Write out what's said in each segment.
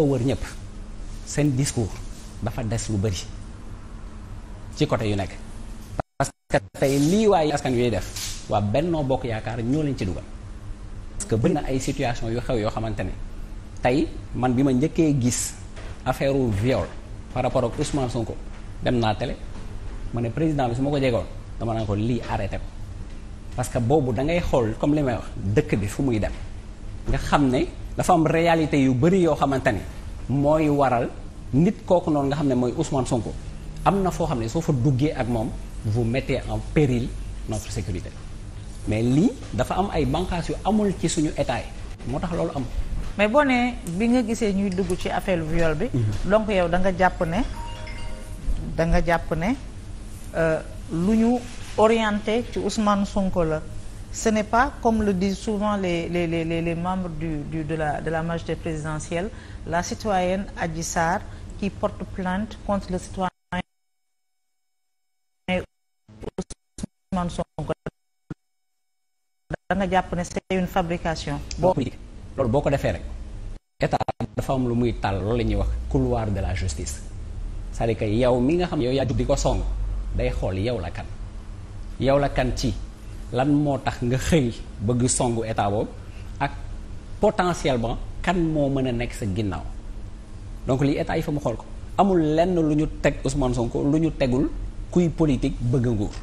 nga wër ñëpp seen discours dafa des lu bëri ci côté yu nekk parce que tey lii waaye askan yooyu def waa Benno Bokk Yaakaar ñoo leen ci dugal parce que bëri na ay situation yu xew yoo xamante ne tey man bi ma njëkkee gis affaire u viol par rapport ak Ousmane Sonko dem naa télé ma ne président bi su ma ko jegoon dama naan ko lii arrêté ko parce que boobu da ngay xool comme li may wax dëkk bi fu muy dem nga xam ne dafa am réalité yu bëri yoo xamante ni mooy waral nit kooku noonu nga xam ne mooy Ousmane Sonko am na foo xam ne soo fa duggee ak moom vous mettez en péril notre sécurité mais lii dafa am ay bànqaas yu amul ci suñu état yi moo tax loolu am. mais boo nee bi nga gisee ñuy dugg ci affaire viol bi. Mhm. donc yow da nga jàpp ne da nga jàpp ne euh, lu ñu orienté ci Ousmane Sonko la. ce n'est pas comme le disent souvent les les les les membres du du de la de la majorité présidentielle la citoyenne Adji Sarr qui porte plainte contre le citoyen Ousmane Sonko da nga jàpp ne c'est une fabrication. boo ko loolu boo ko defee rek état dafa am lu muy tàll loolu la ñuy wax couloir de la justice c'est-à-dire yow mi nga xam yow yaa jug di ko song day xool yow la kan yow la kan ci. lan moo tax nga xëy bëgg songu état boobu ak potentiellement kan moo mën a nekk sa ginnaaw donc lii état yi fa mu xool ko amul lenn lu ñu teg Ousmane Sonko lu ñu tegul kuy politique bëgg nguur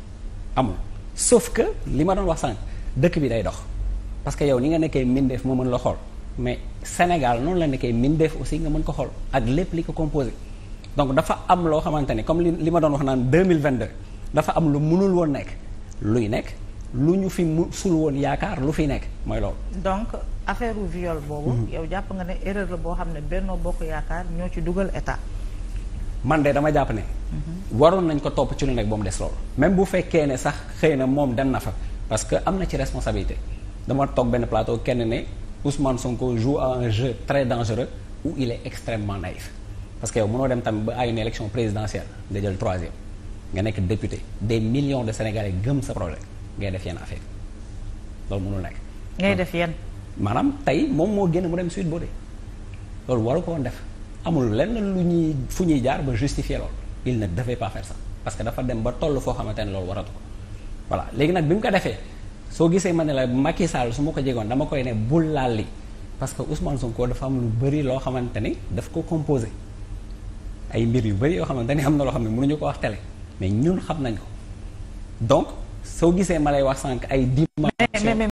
amul sauf que li ma doon wax sànq dëkk bi day dox parce que yow ni nga nekkee mbindeef moo mën la xool mais Sénégal noonu la nekkee mbindeef aussi nga mën ko xool ak lépp li ko composé donc dafa am loo xamante ni comme li li ma doon wax naan 2022 dafa am lu mënul woon nekk luy nekk lu ñu fi mu musul woon yaakaar lu fi nekk mooy loolu. donc affaire u viol boobu. Mhm. yow jàpp nga ne erreur la boo xam ne Benno Bokk Yaakaar ñoo ci dugal état. man de dama jàpp ne. Mhm. waroon nañ ko topp ci lu nekk ba mu des loolu. même bu fekkee ne sax xëy na moom dem na fa parce que am na ci responsabilité dama toog benn plateau kenn ne Ousmane Sonko joue à un jeu très dangereux où il est extrêmement naïf parce que yow mënoo dem tamit ba à une élection présidentielle nga jël nekk député des millions de Sénégalais gëm sa ngay def yenn affaire loolu mënul nekk. ngay def yenn. maanaam tey moom moo génn mu dem Sweet Beauté loolu waru ko def amul lenn lu ñuy fu ñuy jaar ba justifier loolu il na devait pas faire ça parce que dafa dem ba toll foo xamante ne loolu waratu ko voilà léegi nag bi mu ko defee soo gisee ma ne la Macky Sall su ma ko jegoon dama koy ne bul laal li parce que Ousmane Sonko dafa am lu bëri loo xamante ni daf ko composé ay mbir yu bëri yoo xamante ni am na loo xam ne mënuñu ko wax télé mais ñun xam nañ ko soo gisee ma lay wax sànq ay dimension